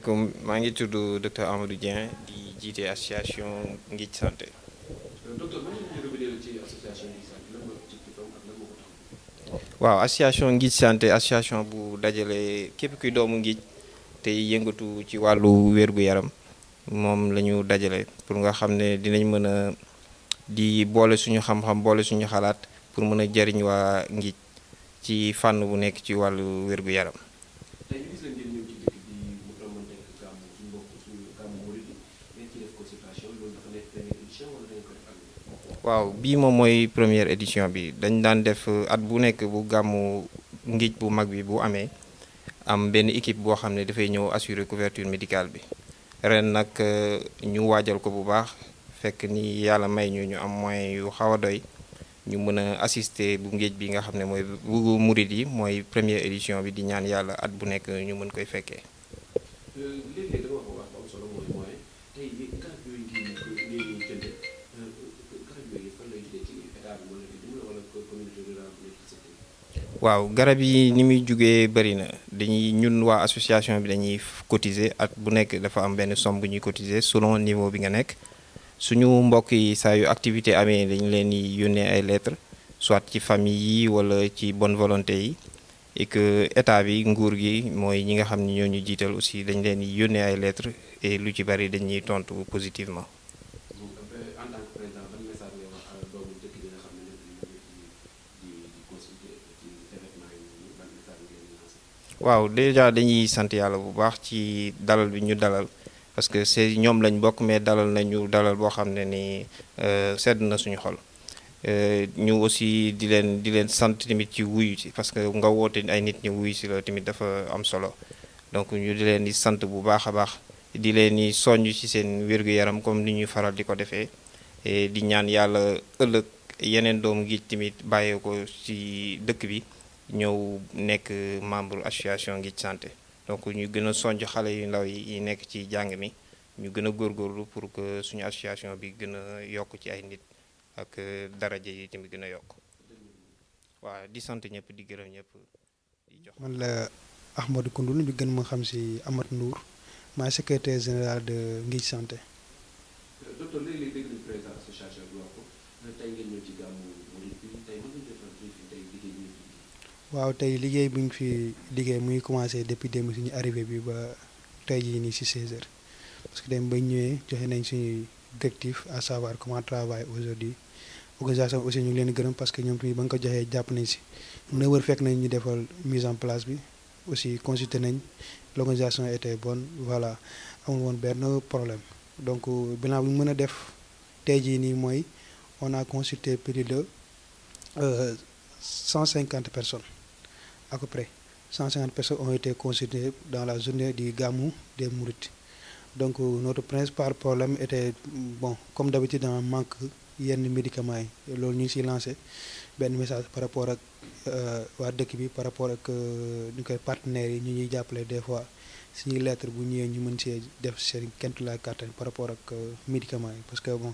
asalaamaaleykum maa ngi tudd docteur Amadou Dieng di jiite association Santé. waaw association Nguith Santé association bu dajale képp kuy doomu Nguith te yëngatu ci wàllu wér-gu-yaram moom lañu ñu dajale pour nga xam ne dinañ mën a di boole suñu xam-xam boole suñu xalaat pour mën a jariñ waa Nguith ci fànn bu nekk ci wàllu wér-gu-yaram. waaw bii moom mooy première édition bi dañ daan def uh, at bu nekk bu gàmmu ngij bu mag bi bu amee am benn équipe boo xam ne dafay ñëw assurer couverture médical bi ren nag uh, ñu waajal ko bu baax fekk ni yàlla may ñu ñu am moyen yu xaw a doy ñu mën a assister bu ngéej bi nga xam ne mooy bu murid yi mooy première édition bi di ñaan yàlla at bu nekk ñu mën koy fekkee euh, waaw garab yi ni muy jugee bëri na dañuy ñun waa association bi dañuy cotiser ak bu nekk dafa am benn somme bu ñuy cotiser selon niveau bi nga nekk suñu mbokk yi saa yu activité amee dañu leen di yónnee ay lettres soit ci famille yi wala ci bonne volonté yi et que bi nguur gi mooy ñi nga xam ne ñoo ñu jiital aussi dañ leen di yónnee ay lettres et lu ci bëri dañuy tontu positivement. waaw déjà dañuy sant yàlla bu baax ci dalal bi ñu dalal parce que ñoom lañ bokk mais dalal nañu dalal boo xam ne ni euh, sedd na suñu xol euh, ñu aussi di leen di leen sant tamit ci wuyu ci parce que nga woote ay nit ñi wuyu si la tamit dafa am solo donc ñu di leen di sant bu baax a baax di leen di soññ ci seen wér-gu-yaram comme ni ñuy faral di ko defee di ñaan yàlla ëllëg yeneen doomu ngi tamit bàyyee ko ci dëkk bi ñëw nekk membre association Nguith Santé donc ñu gën a sonj xale yu ndaw yi nekk ci jàng mi ñu gën a góorgóorlu pour que suñu association bi gën a yokk ci ay nit ak euh, daraja yi tamit gën a yokk waaw di sant ñëpp di gërëm ñëpp di jox. man la Ahmadou Koundoul ñu gën ma xam si Amath Ndour maay secrétaire général de Nguith Santé. Euh, waaw tey liggéey bu ñu fi liggéey muy commencé depuis démb suñu arrivé bi ba tey jii nii si 16 heures parce que dem ba ñëwee joxe nañ suñuy directif à savoir comment travailler aujourd'hui organisation aussi ñu ngi leen gërëm parce que ñoom tamit ba nga ko joxee jàpp nañ si neuf heures fekk nañ ñu defal mise en place bi aussi consulté nañ l'organisation était bonne voilà amul woon benn problème donc bilan bu ñu mën a def tey jii nii mooy on a consulté plus euh, cent 150 personnes à peu près 150 personnes ont été considérées dans la zone du Gamou des Mourites. Donc euh, notre principal problème était, bon, comme d'habitude, un manque de médicaments Nous avons ñu lancé message par rapport à euh, waa par rapport à nos euh, partenaires nous ñuy des fois suñuy lettre bu ñëwee ñu des see def seen la carte par rapport aux médicaments parce que bon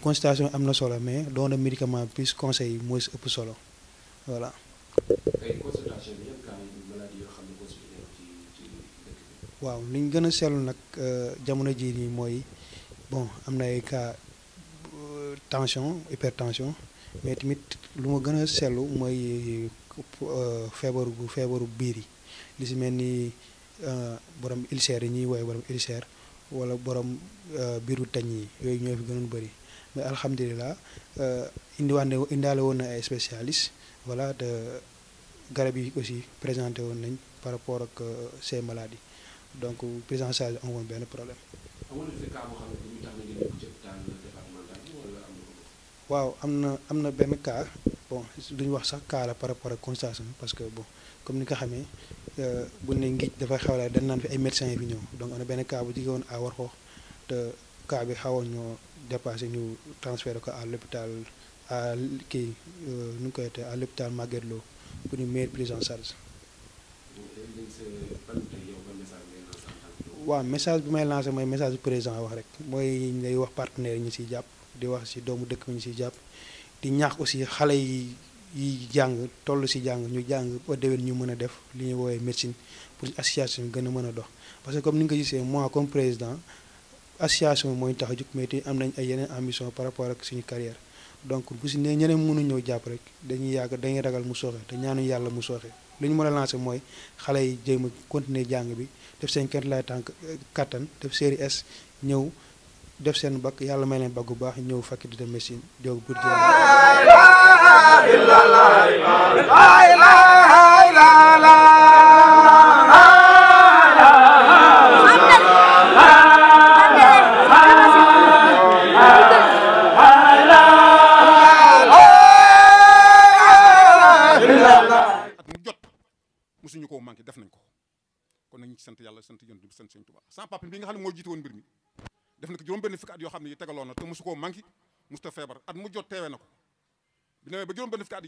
consultation am solo mais doon le médicament plus conseil moins mooy solo voilà. waaw niñ gën a seetlu nag euh, jamono ji nii mooy bon am na ay cas euh, tension hypertension mais tamit lu ma gën a seetlu mooy euh, gu feebaru biir yi li si mel ni borom ulcère yi ñuy woowee borom ulcère wala borom biiru tañ yi yooyu ñoo fi gënoon bëri mais alhamdulilah indiwaane indaale woon na ay spécialiste voilà de garab yi aussi présenté woon nañ par rapport ak ces maladies. donc prise en charge amoon benn problème. waaw am na am na benn cas bon duñu wax sax cas la par rapport ak constatation parce que bon comme ni nga xamee euh, bu ne ngic dafa xewla dañ naan fi ay médecins yi fi ñëw donc am na benn kaa bu jóge woon à Warxoox te cas bi xawoon ñoo dépassé ñu transféré ko à l'hôpital à kii euh, nu ñu koy te à l'hôpital Magatte Lô pour ñu meilleure prise en charge. waa message bi may lancé mooy message bu président wax rek mooy ngay wax partenaire ñu siy jàpp di wax si doomu dëkk bi ñu siy jàpp di ñaax aussi xale yi yi jàng toll si jàng ñu jàng ba déwén ñu mën a def li ñuy woowee médecine pour association gën a mën a dox parce que comme ni nga ko gisee moi comme président association mooy tax a jóg mais te am nañ ay yeneen ambition par rapport ak suñu carrière donc bu si ne ñeneen mënu ñëw jàpp rek dañuy yàgg dañuy ragal mu sooxe te ñaanu yàlla mu sooxe li ñu mën a lancé mooy xale yi jéem a continuer jàng bi def seen kent laay tànk eh, kattan def série S ñëw def seen bag yàlla may leen bag bu baax ñëw faculté de médecine jóg pour jël la ilaha illallah kon ci sant yàlla sant yonent bi sant Sëñ Tuubaa sans te mosu koo manqué musta feebar at yi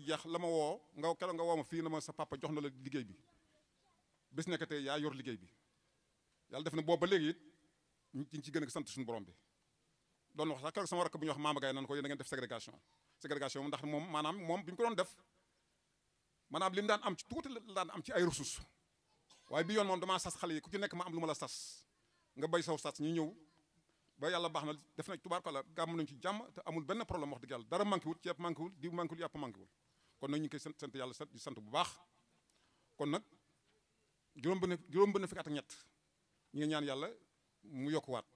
jeex la ma woo nga keroog nga woo ma fii na ma sa jox na la liggéey bi bés nekk tey yaa yor liggéey bi yàlla def na boobu ba léegi it ñu ci gën sant suñu borom bi na wax sax keroog sama rakk bu ñuy wax Maama ko yéen a ngeen def ségrégation ségrégation ndax moom maanaam moom bi ñu ko doon def maanaam li mu daan am ci tuuti la daan am ci ay ressources waaye bi yoon moom damaa sas xale yi ku ci nekk ma am lu ma la sas nga bay saw sas ñu ñëw ba yàlla baax na def na tubaarkalla gàmm nañu ci jàmm te amul benn problème wax dëgg yàlla dara manqué wul ceeb manqué wul diw manqué wul yàpp manqué wul kon nag ñu koy sant sant yàlla sant sant bu baax kon nag juróom benn juróom benn ñett ñu ñaan yàlla mu yokkuwaat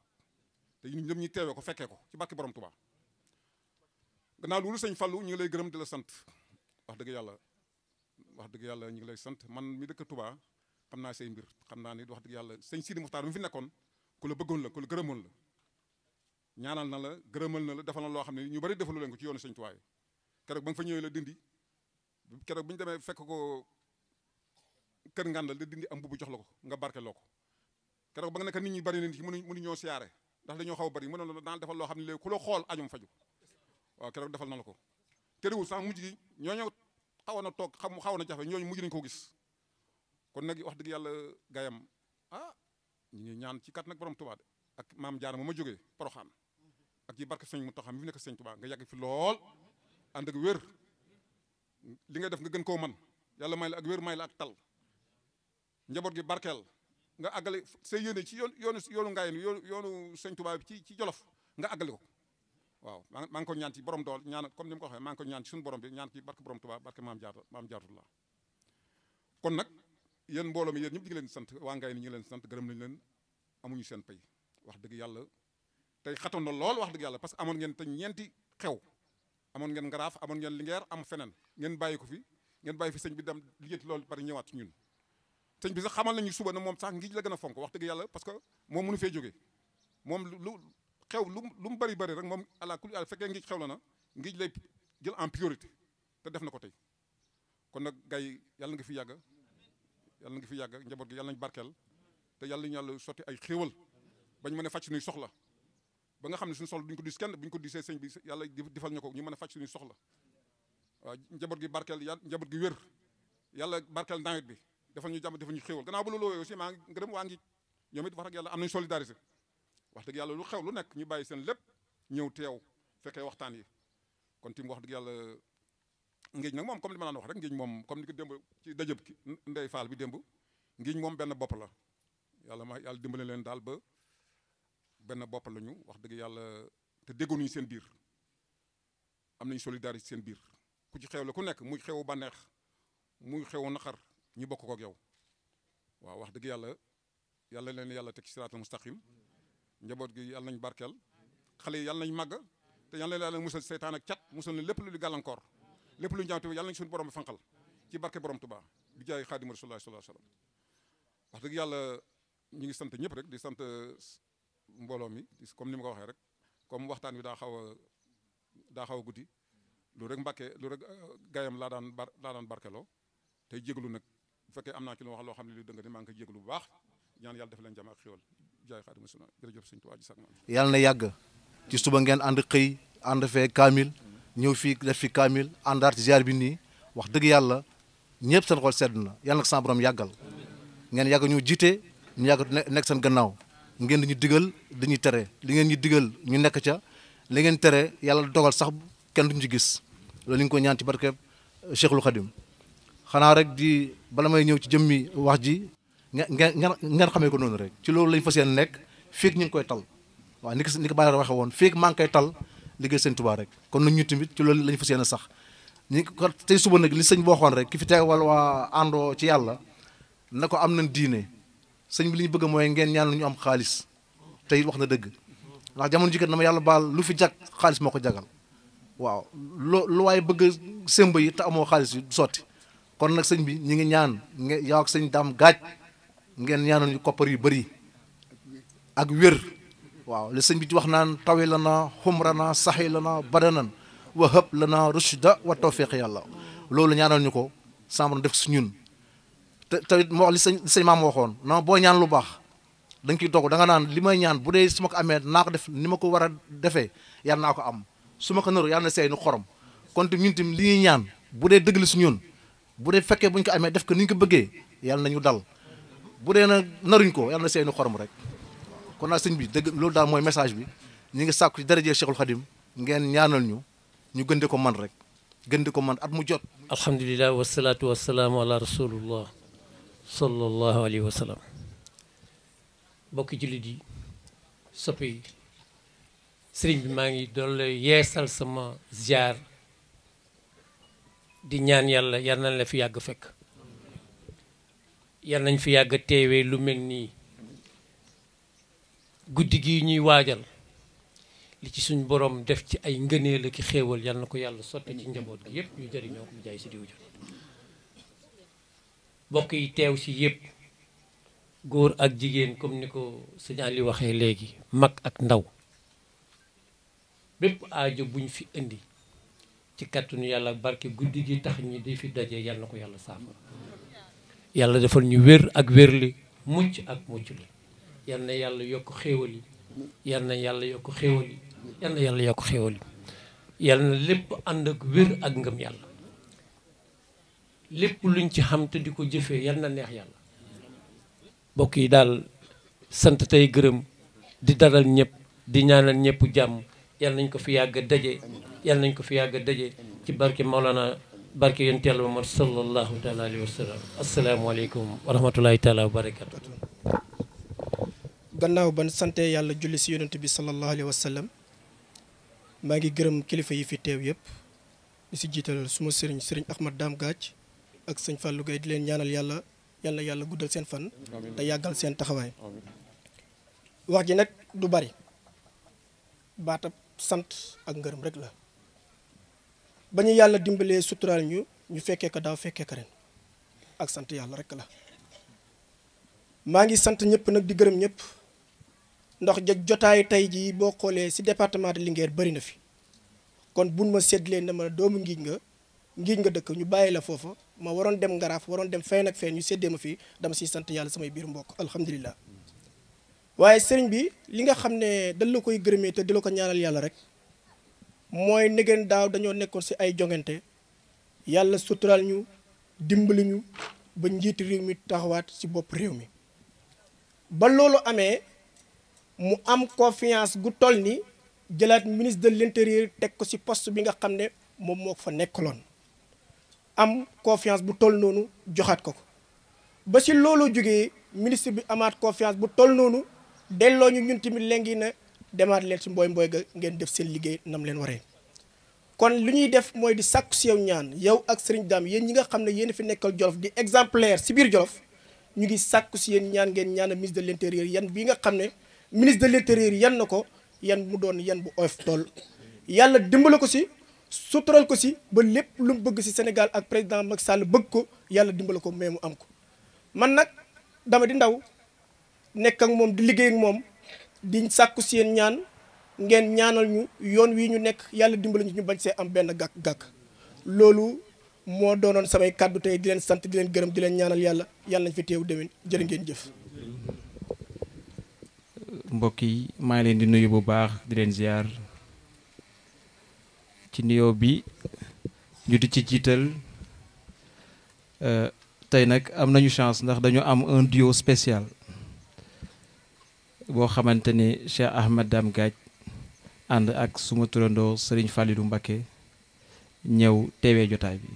te ñu ñëpp ñu teewee ko fekkee ko ci bàkki borom tubaa gannaaw loolu sëñ Fallou ñu ngi lay gërëm di la sant wax dëgg yàlla wax dëgg yàlla ñu ngi lay sant man mi dëkk Tuubaa xam naa say mbir xam naa ni wax dëgg yàlla sëñ Sidi Muxtaar mi fi nekkoon ku la bëggoon la ku la gërëmoon la ñaanal na la gërëmal na la defal na loo xam ne ñu bari defalu leen ko ci yoonu sëñ tuwaay keroog ba nga fa ñëwee la dindi keroog bu ñu demee fekk ko kër ngàndal la dindi am bubu jox la ko nga barke loo ko keroog ba nga nekk nit ñi bari nañ ci mënu mënu ñoo siyaare ndax dañoo xaw bari mënoon la daan defal loo xam ne léegi ku la xool ajum faju waaw keroog defal na la ko terewul sax mujj gi ñooñu xawoon na toog xam xawoon na jafe ñooñu mujj nañu ko gis kon nak wax deug yalla gayam ah ñu ngi ñaan ci kat nak borom Tuubaa de ak mam jaar mo ma joge Poroxaan ak ci barke sëñ Muntaxa mi nek seigne sëñ nga yag fi lool and ak wër li nga def nga gën ko man yalla may la ak wër may la ak tal njabot gi barkel nga agale sey yene ci yoon yoonu yoonu Ngaayeen yoonu yoonu sëñ ci ci Jolof nga agale ko waaw ma ngi ko ñaan ci borom dool ñaan comme nim ko waxe ma ngi ko ñaan ci sun borom bi ñaan ci barke borom Tuubaa barke maam jaar maam jaarullah kon nak yéen mbooloo mi yéen ñëpp ñu ngi leen sant waa Ngaye ni ñu ngi leen sant gërëm nañu leen amuñu seen pay wax dëgg yàlla tey xatoon na lool wax dëgg yàlla parce que amoon ngeen te ñeenti xew amoon ngeen ngaraaf amoon ngeen lingeer am feneen ngeen bàyyi ko fi ngeen bàyyi fi sëñ bi dem liggéey loolu bari ñëwaat ñun sëñ bi sax xamal nañu suba na moom sax ngi la gën a fonk wax dëgg yàlla parce que moom mënu fee jóge moom lu xew lu lu mu bari bari rek moom àla kul àll fekkee ngi xew la na ngi lay jël en priorité te def na ko tey kon nag gay yàlla nga fi yàgg yàlla ngi fi yàgg ak njaboot gi yàlla barkeel yàlla ñu yàlla ay xéewal bañ mën a fàcc suñuy soxla ba nga xam ne suñu soxla duñ ko dis kenn buñ ko disee sëñ bi yàlla defal ñu ko ñu mën a fàcc suñuy soxla waaw njaboot gi barkeel yàlla njaboot gi wér yàlla barkeel nawet bi defal ñu jàmm defal ñu xéewal gannaaw ba loolu wooyee aussi maa ngi ngërëm waa ñoom it wax dëgg yàlla am nañ solidarité wax dëgg yàlla lu xew lu nekk ñu bàyyi seen lépp ñëw teew fekkee waxtaan yi kon tim wax dëgg yàlla ngiñ nag moom comme li ma naan wax rek ngiñ moom comme ni ko démb ci ki ndey faal bi demb ngiñ moom benn bopp la yàlla ma yàlla dimbale leen daal ba benn bopp lañu wax dëgg yàlla te déggonuñu seen biir am nañ solidarité seen biir ku ci xew la ku nekk muy xewu bànneex muy xewu naqar ñi bokk kook yow waaw wax dëgg yàlla yàlla leen yàlla teg ci siraatal mustaqim njaboot gi yàlla nañ barkeel xale yi yàlla nañ màgg te yàlla leen yàlla musal seytaan ak cat musal na lépp lu di gàllankoor lépp lu ñu jaam tamit yàlla suñu borom bi fanqal ci barke borom Tuubaa bi jaay xaadimu rasulullah sallallahu alayhi wasallam wax dëgg yàlla ñu ngi sant ñëpp rek di sant mbooloo mi comme ni ma ko waxee rek comme waxtaan wi daa xaw a daa xaw a guddi lu rek mbàkkee lu rek euh, gayam laa daan bar laa daan barkeloo tey jégalu nag bu fekkee am naa ci loo xam ne lu dëng ni maa ngi koy jégalu bu baax ñaan yàlla def leen jàmm ak xéwal jaay xaadimu rasulullah jërëjëf sëñ Tuubaa ji sax yàlla na yàgg ci suba ngeen ànd xëy ànd fee ñëw fii def fi kaamil àndaat ziar bi nii wax dëgg yàlla ñëpp seen xol sedd na yalla nag sama borom yàggal ngeen yàgg ñu jiite ñu yàgg nekk seen gannaaw ngeen di ñu digal dañuy tere li ngeen ñu digal ñu nekk ca li ngeen tere yàlla dogal sax kenn duñu ci gis loolu ñu ko ñaan ci barkeb euh, Cheikhul Khadim xanaa rek di bala may ñëw ci jëmmi wax ji ngeen ngeen xamee ko noonu rek ci loolu lañ fa yéene nekk fii ñu ngi koy tal waaw ni ko ni woon fii maa ngi koy tal liggéey sëñ Tuubaa rek kon nag ñu timit ci loolu lañu ñu fas sax ñi ko tey suba nag li sëñ bi waxoon rek ki fi teewal waa àndoo ci yàlla na ko am nañ diine sëñ bi li ñu bëgg mooy ngeen ñaan lu ñu am xaalis tey wax na dëgg ndax jamono jikkat na ma yàlla baal lu fi jag xaalis moo ko jagal waaw loo lu waaye bëgg a sëmb yi te amoo xaalis yi sotti kon nag sëñ bi ñi ngi ñaan nga yow ak sëñ daam gaaj ngeen ñaanal ñu koppar yu bëri ak wér waaw li sëñ bi di wax naan tawi la naa xumra naa saxi la naa badanan wa hëb la naa rushda wa tawfiq yàlla loolu ñaanal ñu ko sàmm def su ñun te tamit moo wax sëñ li sëñ maam waxoon non boo ñaan lu baax da nga ciy da nga naan li may ñaan bu dee su ma ko amee naa def ni ma ko war a defee yàlla naa ko am su ma ko naru yàlla na seey nu xorom kon ñun tam li ñuy ñaan bu dee dëgg la su ñun bu dee fekkee bu ñu ko amee def ko ni ñu ko bëggee na ñu dal bu dee nag naruñ ko yàlla na seey nu xorom rek kon naa sëñ bi dëgg loolu daal mooy message bi ñi ngi sàkku ci daraje Cheikhul Khadim ngeen ñaanal ñu ñu gën di ko man rek gën di ko man at mu jot alhamdulilah wasalaatu wasalaamu ala rasulullah sallallahu alayhi wa sallam bokki jullit yi soppi yi sëriñ bi maa ngi doole yeesal sama ziar di ñaan yàlla yal nañ la fi yàgg fekk yal nañ fi yàgg teewee lu mel nii guddi gi ñuy waajal li ci suñ boroom def ci ay ngëneel ak xéewal yal na ko yàlla sotti ci njaboot gi yëpp ñu jëriñoo ko jaay si diw jot mbokk yi teew si yëpp góor ak jigéen comme ni ko sëñ Ali waxee léegi mag ak ndaw bépp aajo buñ fi indi ci nu yàlla barke guddi gi tax ñi di fi daje yal na ko yàlla saafara yàlla defal ñu wér ak wér li mucc ak mucc li yal na yàlla yokk xéewal yi yal na yàlla yokk xéewal yi yal na yàlla yokk xéewal yi yal na lépp ànd ak wér ak ngëm yàlla lépp luñ ci xam te di ko jëfee yal na neex yàlla mbokk yi daal sant tey gërëm di dalal ñëpp di ñaanal ñëpp jàmm yal nañ ko fi yàgg daje yal nañ ko fi yàgg daje ci barke Maolana barke yonent Yàlla Muhammad sallallahu taala alayhi wa sallam asalaamaaleykum wa rahmatullahi taala wa barakatu gannaaw ban sante yàlla julli si yonent bi sallallahu alayhi wa sallam maa ngi gërëm kilifa yi fi teew yëpp di si jiital suma sëriñ sëriñ Ahmad Dame Gaaj ak sëñ Fallou Gueye di leen ñaanal yàlla yàlla yàlla guddal seen fan te yàggal seen taxawaay wax ji nag du bari baatab sant ak ngërëm rek la ba ñu yàlla dimbalee suturaal ñu ñu fekkee ko daaw fekkee ko ren ak sant yàlla rek la maa ngi sant ñëpp nag di gërëm ñépp ndax jotaay tey jii boo xoolee si département de Linguère bëri na fi kon buñ ma séddalee na ma doomu ngiñ nga ngiñ nga dëkk ñu bàyyi la foofa ma waroon dem ngaraaf waroon dem fenn nag fenn ñu séddee ma fii dama si sant yàlla samay biir mbokk alhamdulilah. waaye sëriñ bi li nga xam ne dañ la koy gërëmee te di la ko ñaanal yàlla rek mooy negeen daaw dañoo nekkoon si ay jongante yàlla suturaal ñu dimbali ñu ba njiit réew mi taxawaat si bopp réew mi ba mu am confiance gu toll ni jëlaat ministre de l'intérieur teg ko si post bi nga xam ne moom moo fa nekkaloon am confiance bu toll noonu joxaat ko ko ba si looloo jógee ministre bi amaat confiance bu toll noonu delloo ñu ñun tamit léegi na demaat leen si mbooy mbooy ga ngeen def seen liggéey nam leen waree kon li ñuy def mooy di sàkku ci yow ñaan yow ak Serigne Dame yéen ñi nga xam ne yéen fi nekkal Jolof di exemplaire ci biir Jolof ñu ngi sàkku s yéen ñaan ngeen ñaan ministre de l'intérieur yan bi nga xam ne ministre de l'intérieur yan na ko yan mu doon yan bu oyof tool yàlla dimbale ko si sutural ko si ba lépp lu mu bëgg si Sénégal ak président Macky sàll bëgg ko yàlla dimbale ko mais mu am ko man nag dama di ndaw nekk ak moom di liggéey ak moom di sàkku seen ñaan ngeen ñaanal ñu yoon wii ñu nekk yàlla dimbali ñu ñu bañ see am benn gàkk-gàkk loolu moo doonoon samay kàddu tey di leen sant di leen gërëm di leen ñaanal yàlla yàlla nañ fi teewu déwén jër ngeen jëf mbokk yi maa ngi leen di nuyu bu baax di leen ziar ci nuyoo bi ñu di ci jiital euh, tey nag am nañu chance ndax dañu am un duo spécial boo xamante ne Cheikh Ahmed Dame Gadj ànd ak suma turandoo sëriñ Fallilou Mbacké ñëw teewee jotaay bi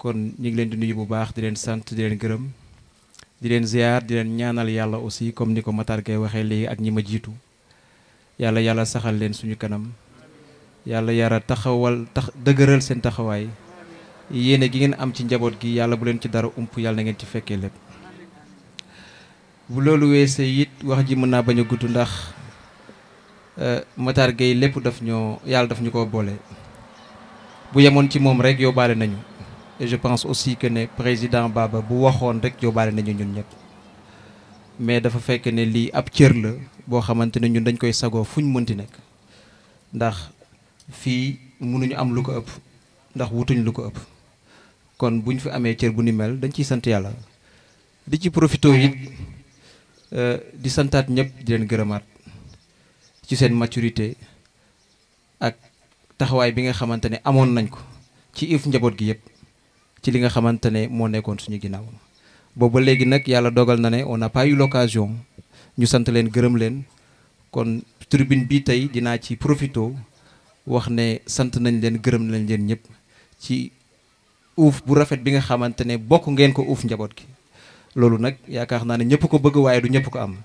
kon ñu ngi leen di nuyu bu baax di leen sant di leen gërëm. di leen ziar di leen ñaanal yàlla aussi comme ni ko Matar Gueye waxee léegi ak ñi ma jiitu yàlla yàlla saxal leen suñu kanam yàlla yara taxawal tax dëgëral seen taxawaay yéene gi ngeen am ci njaboot gi yàlla bu leen ci dara ump yàlla na ngeen ci fekkee lépp bu loolu weesee it wax ji mën naa bañ a gudd ndax euh, Matar Gueye lépp daf ñoo yàlla daf ñu ko boole bu yemoon ci moom rek yóbbaale nañu et je pense aussi que le président Baba bu waxone rek jobale nañu ñun ñep mais dafa fekk ne li ab cieur la bo xamanteni ne ñun dañ koy sago fuñ mënti nek ndax fii mënuñu am lu ko ëpp ndax wutuñ lu ko ëpp kon buñ fi amé cieur bu ni mel dañ ci sante yalla di ci profito euh di santat ñep di len gëremat ci seen maturité ak taxaway bi nga xamanteni ne nañ ko ci if njabot gi yépp ci li nga xamante ne moo nekkoon suñu ginnaaw booba léegi nag yàlla dogal na ne on n'a pas eu l'occasion ñu sant leen gërëm leen kon tribune bii tey dinaa ci profito wax ne sant nañ leen gërëm nañ leen ñëpp ci uuf bu rafet bi nga xamante ne bokk ngeen ko uuf njaboot gi loolu nag yaakaar naa ne ñëpp ko bëgg waaye du ñëpp ko am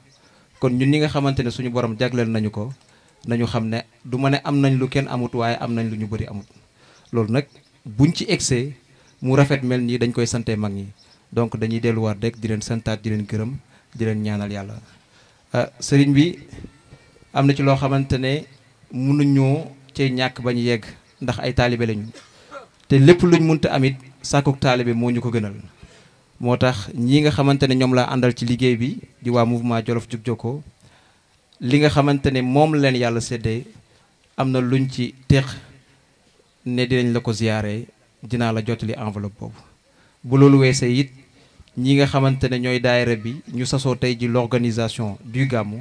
kon ñun ñi nga xamante ne suñu borom jagleel nañu ko nañu xam ne du ma ne am nañ lu kenn amut waaye am nañ lu ñu bëri amut loolu mu rafet mel nii dañ koy sante mag ñi donc dañuy delluwaat rek di leen santaat di leen gërëm di leen ñaanal yàlla euh, sëriñ bi am na ci loo xamante ne mënuñoo cee ñàkk ba ñu yegg ndax ay taalibe lañu te lépp luñ munta amit sàkkuk taalibe moo ñu ko gënal moo tax ñii nga xamante ne ñoom laa àndal ci liggéey bi di waa mouvement Jolof Jub Jokko li nga xamante ne moom leen yàlla seddee am na luñ ci téex ne dinañ la ko ziyaare dinaa la jotali enveloppe boobu bu loolu weesee it ñi nga xamante ne ñooy daayira bi ñu sasoo tey ji l'organisation duy gàmmu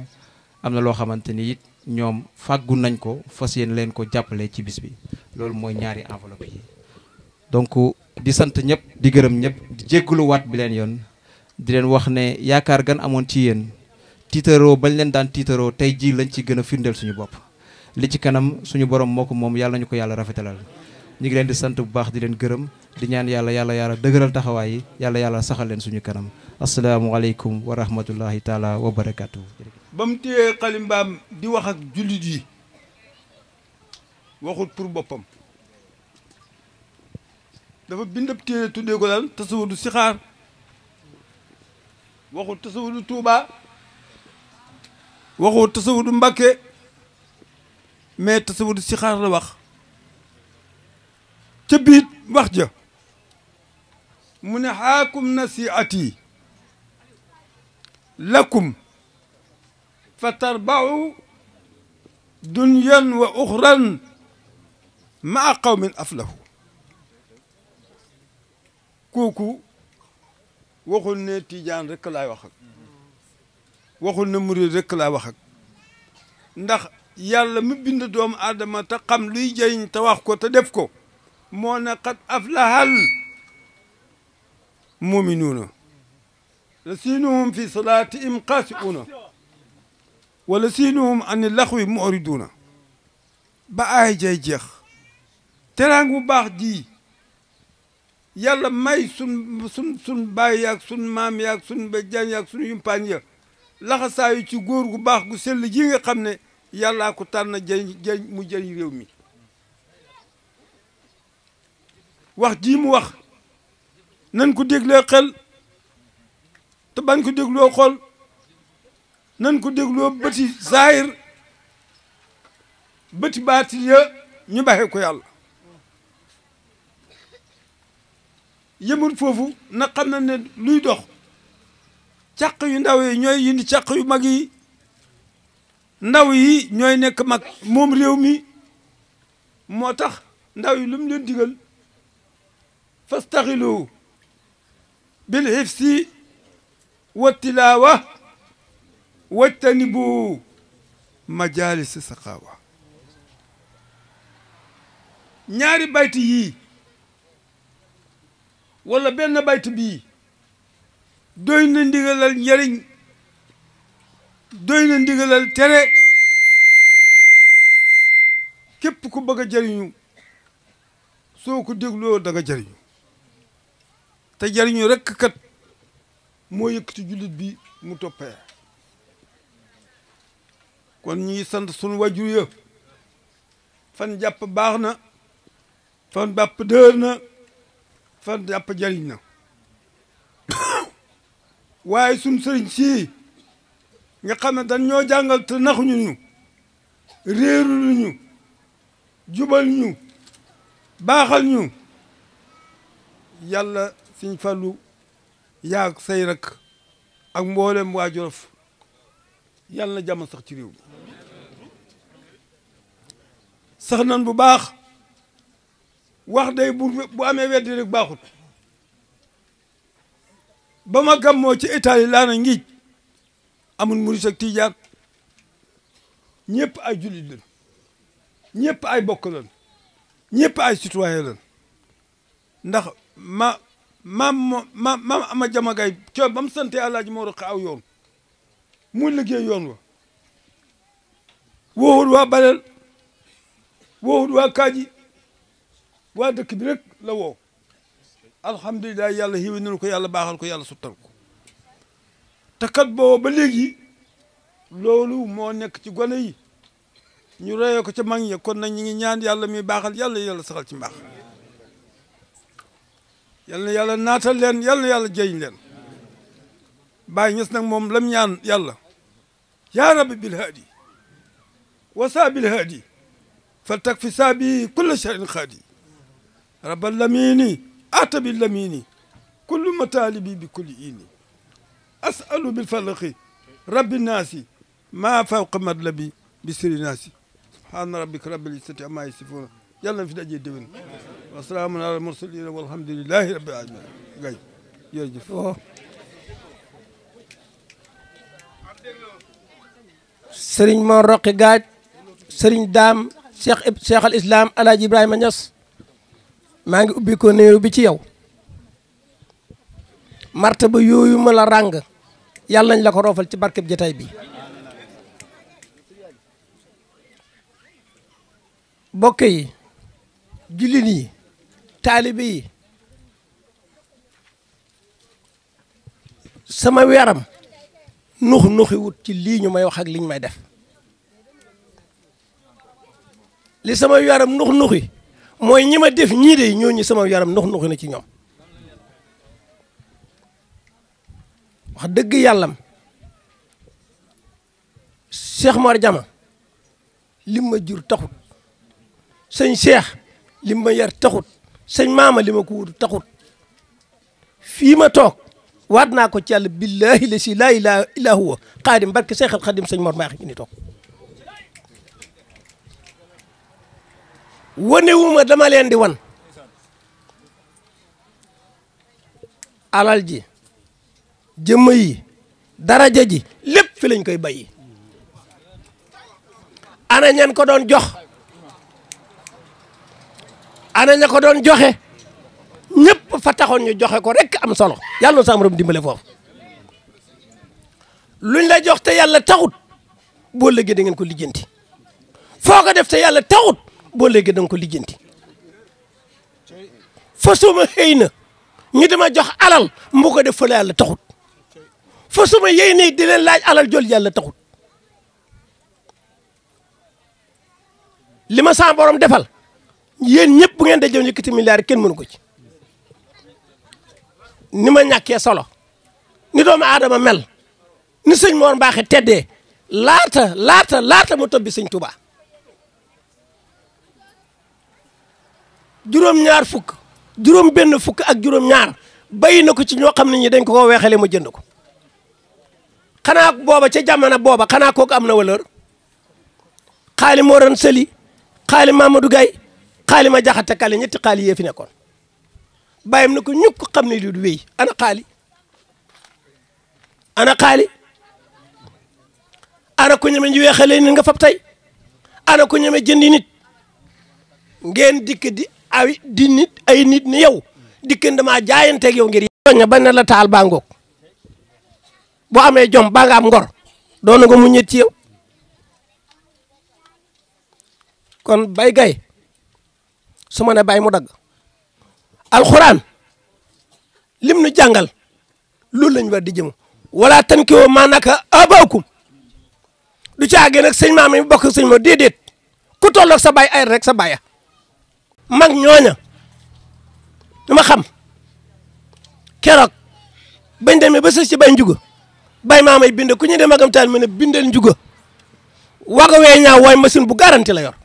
am na loo xamante ni it ñoom fàggu nañ ko fas yéen leen ko jàppale ci bis bi loolu mooy ñaari enveloppe yi donc di sant ñëpp di gërëm ñëpp di jéggalu waat bi leen yoon di leen wax ne yaakaar gan amoon ci yéen tiitaroo bañ leen daan tiitaroo tey jii lañ ci gën a firndeel suñu bopp li ci kanam suñu borom moo ko moom yàlla nañu ko yàlla rafetalal ñu ngi leen di sant bu baax di leen gërëm di ñaan yàlla yàlla yàlla dëgëral taxawaay yàlla yàlla saxal leen suñu kanam asalaamualeykum wa rahmatullahi taala wa barakaatu. ba mu téyee xalimbaam di wax ak jullit yi waxut pour boppam dafa bindab téere tuddee ko daal tasawudu sixaar waxut tasawudu tuuba waxut tasawudu mbàkke mais tasawudu sixaar la wax ca biit wax ja mu ne xaakum nasiati lakum fa tarbaxu dunyan wa uxran maa qawmin aflahu kooku waxul ne tijaan rek lay wax ak waxul ne murid rek ndax yàlla mu bind doomu aadama te xam luy jëriñ te wax ko te def ko moo ne qad aflahal muminuuna la siinuhum fi salaatihim qaasiuuna wala siinuhum ani laxwi muriduuna ba ay jay jeex teraang bu baax ji yàlla may sun sun sun baay yaag sun maam yaag sun bajjaan yaag sun yumpaañ ya laxasaayu ci góor gu baax gu sell ji nga xam ne yàllaa ko tànn jëriñ mu jëriñ mi wax jii mu wax nan ko déglee xel te bañ ko dégloo xol nan ko dégloo bëti zaahir bëti baati ya ñu baxee ko yàlla yëmul foofu na xam na ne luy dox càq yu ndaw yi ñooy yindi càq yu mag yi ndaw yi ñooy nekk mag moom réew mi moo tax ndaw yi lu mu leen digal fastaxilu bilxifsi wa tilaawa wajtanibu majalisi saqaawa ñaari bayti yii wala benn bayt bii doy na ndigalal njëriñ doy na ndigalal tere képp ku bëgg a jëriñu soo ko dégloo da nga jëriñu te jariñu rekk kat moo yëkkati jullit bi mu toppee kon ñi ngi sant sunu wajur ya fan jàpp baax na fan jàpp dër na fan jàpp jariñ na waaye sunu sëriñ sii nga xam ñoo jàngal te naxuñu ñu réerulu ñu jubal ñu baaxal ñu yàlla Sëñ Fallou yaag say rak ak mboolem waa Jolof yàlla na jàmm sax ci réew sax nan bu baax wax day bu amee weddi rek bama ba ma gàmmoo ci Italie laa na ngiij amul murit ak ñëpp ay jullit lañ ay bokk lañ ay citoyen ndax ma maam ma maam maam ama jamagay coono ba mu sante alaaji moo roq aw yoon mu liggéey yoon wa wooxul waa balel wooxul waa kaaji waa dëkk bi la woo alhamdulilah yàlla xiiwe nunu ko yàlla baaxal ko yàlla suttal ko te kat booba ba léegi loolu moo nekk ci gone yi ñu ko ca mag ña kon nag ñu ngi ñaan yàlla mi baaxal yàlla yàlla saxal ci mbaax يالنا يالا ناتال لين يالنا يالا جيين لين باي نيس نك لم نيان يالا يا رب بالهادي وصاب الهادي فلتكفي سابي كل شيء خادي رب اللميني اتى باللميني كل مطالبي بكل ايني اسال بالفلق رب الناس ما فوق مدلبي بسر الناس سبحان ربك رب العزه عما يصفون yàlla na fi dajee déwén wa salaamun ala mursalina walhamdulilahi rabbil Roqi Gaaj sëriñ Daam cheikh cheikh al islam alaaji Ibrahima Niass maa ngi ubbi ko néeru bi ci yow martaba yooyu ma la ràng yàlla nañ la ko roofal ci barkeb jotaay bi bokk yi جليني طالبي سما ويرم نوخ نوخي ووت تي لي ني ماي واخ اك لي ني ماي داف لي سما ويرم نوخ نوخي موي ني ما ديف ني دي ньо ني سما ويرم نوخ نوخي ني تي ньоم واخ دغ يالام شيخ مار جاما لي ما جور تاخو سيغ شيخ lim ma yar taxut sëñ maama li ma ko wut fii ma toog waat naa ko ci yàlla billahi la si laa ilaha illa huwa xaadim barke seexal xaadim sëñ mor maaxi ngi ni toog wanewuma dama leen di wan alal ji jëmm yi daraja ji lépp fi lañ koy bàyyi ana ñan ko doon jox ana ña ko doon joxe ñëpp fa taxoon ñu joxe ko rek am solo yàlla na sa borom dimbale foofu luñ la jox te yàlla taxut boo léegi da ngeen ko lijjanti foo ko def te yàlla taxut boo léegi da ko lijjanti fa suma xëy na ñu dama jox alal mu ko def fa la yàlla taxut fa suma yey nii di leen laaj alal jol yàlla taxut li ma sa defal yéen ñëpp bu ngeen dajoo yëkkati milliards yi kenn mënu ko ci ni ma ñàkkee solo ni doomu aadama mel ni sëñ Mor Mbaaxe teddee laata laata laata mu tobbi sëñ Touba juróom-ñaar fukk juróom-benn fukk ak juróom-ñaar bàyyi na ko ci ñoo xam ne ñi dañ ko ko weexalee mu jënd ko xanaa booba ca jamono booba xanaa kook am na wëlër xaali Moran Sëli xaali Mamadou Gaye xaali ma jaxate kale ñetti xaali yee fi nekkoon bàyyam na ko ñukk xam ne lii wéy ana xaali ana xaali ana ko ñeme ñu nit nga fab tey ana ko ñeme jëndi nit ngeen dikk di ay di nit ay nit ni yow dikkan damaa jaayanteeg yow ngir yoñña ba ne la taal ba ngoog bo amee jom ba nga am ngor doona nga mu ñet ci yow kon bay gay su ma ne bàyyi mu dagg alxuraan lim nu jàngal loolu lañ war di jëm wala tan ki woo maanaaka abaakum du caagee nag sëñ maam yi bokk sëñ ma déedéet ku tolloog sa baay ay rek sa baaya mag ñooña dama xam keroog bañ demee ba sës ci bay njuga bay maamay bind ku ñuy dem magam taal mu ne bindal njuga waga wee ñaaw waaye machine bu garanti la yor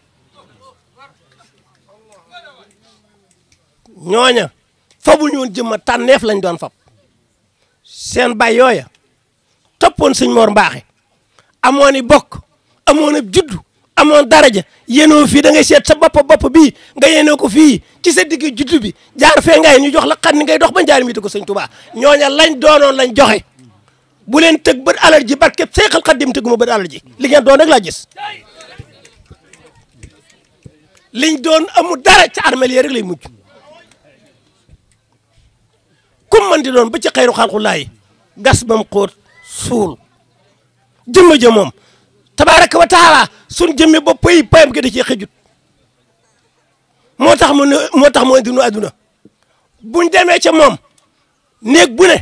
Nyonya, fabul ñoon jëmma tanef lañ doon fab seen bay yooya toppoon sëñ moor mbaaxe amoon i bokk juddu amoon daraja yeno fi da ngay sét sa bop bop bi nga yeno ko fi ci sa digi juddu bi jaar fe ngay ñu jox la xam ni ngay dox ba jaar mi ko seigne touba ñoña lañ doonon lañ joxé bu len tegg bët allergy barké barke seexal li ngeen doon rek la gis liñ doon amu dara ci armel rek lay mujj comme man di noon ba ci xayru xalqu laay gas bam xóot suul jëmma ja moom tabaaraka wa taala sun jëmme ba pay payam gi da cee xëjut moo tax mu moo tax mu indi nu adduna buñ demee ca moom néeg bu ne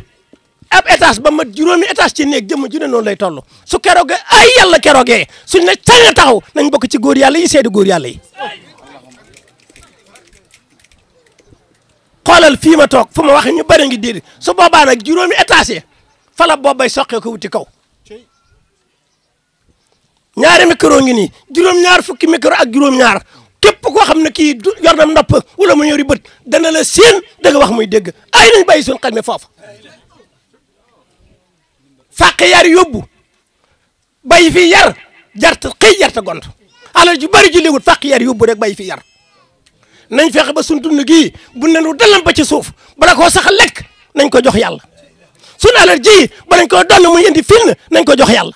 ab étage ba mat juróomi étage ci nek jëmm ju ne noonu lay toll su keroogee ay yàlla keroogee suñ ne ca nga taxaw nañ bokk ci góor yàlla yi seedi góor yàlla yi xoolal fii ma toog fu ma wax ñu bëri ngi diri su boobaa nag juróomi étage yi fa la boobay soqee ko wuti kaw ñaari micro ngi nii juróom-ñaar fukki micro ak juróom-ñaar képp koo xam ne kii yor na nopp wala mu ñori bët dana seen séen da nga wax muy dégg ay nañ bàyyi suñu xel mi foofu fàq yar yóbbu bay fi yar jart xëy jarta gont alal ju bëri ju léegul fàq yar yóbbu rek bay fi yar nañ fexé ba sun dund gi bu ne lu dalam ba ci suuf bala ko saxal lek nañ ko jox yalla sun alal ji ba nañ nañ ko jox yalla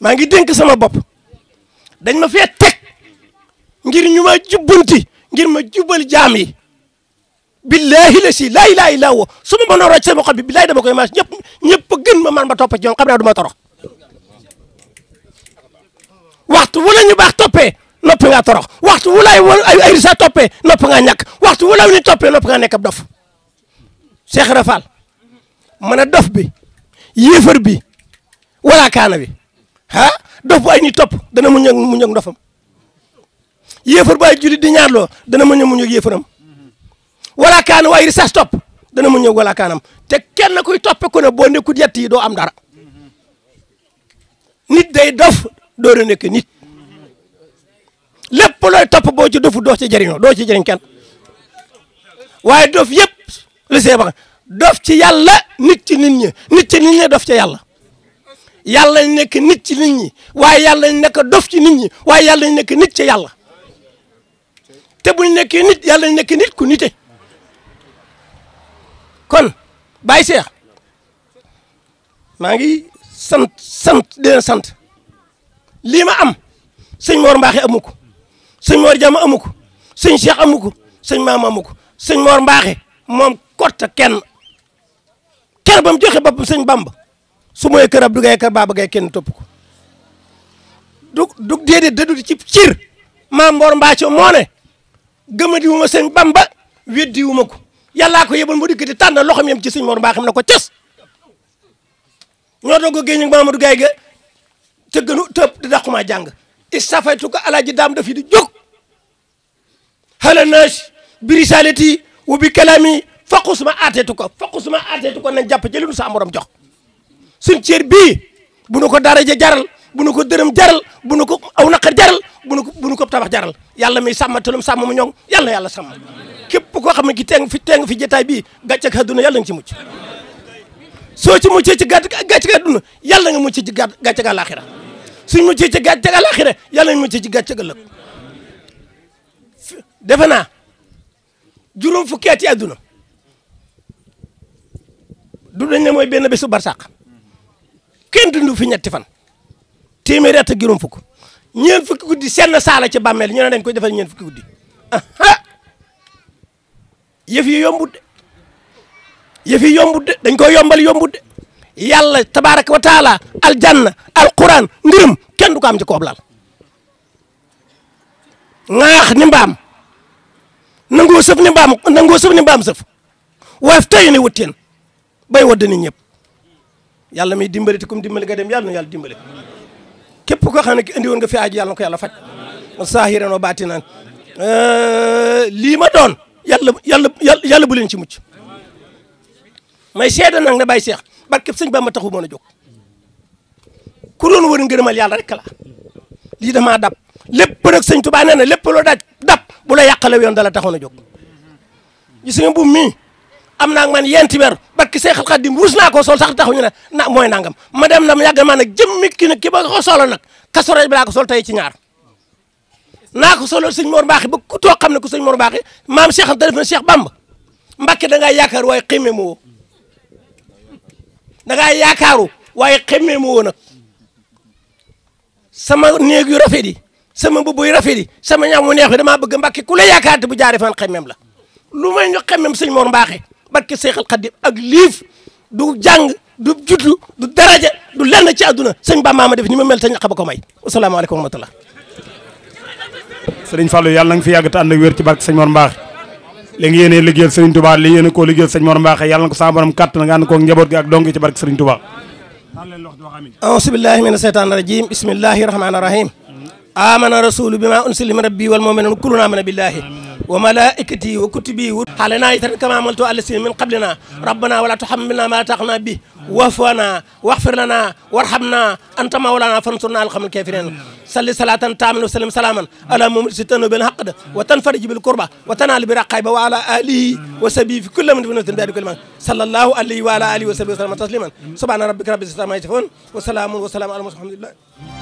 ma ngi denk sama bop dañ ma fe tek ngir ñuma jubunti ngir ma jubal jami billahi la si laa ilaaha illa huwa su mo mënoon sama xol bi billahi dama koy maas ñep ñep gën ma man ba top ci xam torox waxtu wala ñu bax topé nopp ngaa torox waxtu wu lay ay risa toppee nopp ngaa ñàkk waxtu wu lay ni toppee nopp ngaa nekk dof Cheikh Rafal mën a dof bi yéefar bi wala kaana bi ah dof bu ay ni topp dana mu ñëw mu ñëw ndofam yéefar ay jullit di ñaarloo dana mu ñëw mu ñëw yéefaram wala kaana waaye topp dana mu ñëw wala kaanam te kenn kuy toppe ku ne boo nekkut yett yi doo am dara nit day dof doo nekk nit. lépp looy topp boo ci dofu doo ci jëriñoo doo ci jëriñ waaye dof yëpp li see ba dof ci yàlla nit ci nit ñi nit ci nit ci yàlla yàlla nekk nit ci nit ñi waaye nekk dof ci nit ñi waaye yàlla ñu nekk nit ci yàlla te bu nekkee nit yàlla nekk nit ku nite kon bàyyi seex maa ngi sant sant dina sant liima am sëñ Mor Mbaaxe amu ko seigne Mor Jàmm amuko seigne Cheikh amuko seigne mam amuko seigne Mor Mbaaxe mom kotta ken ker bam joxe bop seigne Bamba su moy kerab du gay ker Baba gay ken topp ko duk du déedéet da ci ciir mam Mor mbacho moo ne gëmadi wu ma Bamba weddi wu ma ko yàllaa ko yebal mu dikkati tànn loxoom yem ci seigne Mor Mbaaxam nako ko cës ñoo geñu Mamadou gay ga te gënu tëb di dàqumaa jàng istafaytu alaji dam da fi di jóg hala naas bi ti wa bi kalami faqu suma aateetu ko faqu suma aateetu ko nañ jàpp ci li nu sa morom jox suñ cër bii bu nu ko daraja jaral bu nu ko dërëm jaral bu nu ko aw naqar jaral bu nu ko bu nu ko tabax jaral yàlla mi samma tëlum sàmm mu ñoŋ yàlla yàlla sàmm képp koo xam ne ki teng fi teng fi jotaay bii gàcce ak àdduna yàlla nga ci mucc soo ci muccee ci gàcce ak àdduna yàlla nga mucc ci gàcce ak àllaaxira suñ muccee ci gàcce ak àllaaxira yàlla nga mucc ci gàcce ak ëllëg defe naa juróom fukki at ci àdduna du mooy benn bésu barsàq kenn dundu fi ñetti fan téeméeri at ak juróom fukk ñeent fukki guddi senn saala ci bàmmeel ñu ne dañ koy defal ñeent fukki guddi aha yëf yi yombut de yëf yi dañ koy yombal yombut de yàlla tabaaraka wa taala aljanna alquran ngërëm kenn du ko am ci koob laal ŋaax ni mbaam nangoo sëf ni mbaam nangoo sëf ni mbaam sëf waaye tey ni wut teen bay wadd ni ñëpp yàlla may dimbali te comme dimbali nga dem yàlla na yàlla dimbali képp ko xam ne ki andi woon nga fi aaj yàlla na ko yàlla faj saahiran wa baatinan eh, lii ma doon yàlla yàlla yàlla bu leen ci mucc may seede nag na bàyyi seex Bamba taxu mën a jóg ku doon wër ngërëmal yàlla rek la lii damaa dab lépp nag sëñ Tuubaa nee na lépp loo daj bu la yàqale yoon dala taxoon a jóg gis nga mbubb mii am naa man yenti weer barki Seexal Xaadim rus naa ko sol sax taxuñu ne na mooy nangam ma dem na yàgg maa nag jëmmi na nag ki ba ko solo nag kasoroj bi laa ko sol tey ci ñaar naa ko solo sëñ Mor Mbaaxi ba ku too xam ne ku sëñ Mor Mbaaxi maam Cheikh Anta def na Cheikh Bamba Mbàkke da ngaa yaakaar waaye xeme mu woo da waaye xeme mu woo nag sama néeg yu rafet yi sama mbubuy rafet yi sama ñam mu neex damaa bëgg mbàkke ku la yaakaar te bu jaaree fan xemmem la lu may ñu xemmem sëñ Mor Mbaaxe barke Seexal ak liif du jàng du juddu du daraja du lenn ci àdduna sëñ Ba maama def ni ma mel te ñaq ba ko may asalaamaaleykum wa rahmatulah. sëriñ Fallou yàlla na nga fi yàgg te ànd ak wér ci barke sëñ Mor Mbaaxe li nga yéenee liggéeyal sëriñ Touba li yéene koo liggéeyal sëñ Mor Mbaaxe yàlla na ko sama borom kàttan nga ànd koog njaboot gi ak dong ci barke sëriñ Touba. amana rasulu bima unsila min rabbi wal mu'minun kullun amana billahi wa malaikatihi wa kutubihi wa halana itan kama amaltu ala sin min qablina rabbana wala tuhammilna ma taqna bi wafana waghfir lana warhamna anta mawlana fansurna al qawmil kafirin salli salatan ta'amil wa sallim salaman ala mu'min sitanu bil haqq wa tanfarij bil qurba wa tanal bi raqaiba wa ala alihi wa sabi fi kulli man dunatin bi kulli man sallallahu alayhi wa ala alihi wa sahbihi wa sallam tasliman subhana rabbika rabbil izzati amma yasifun wa salamun wa salamun ala mursalin alhamdulillah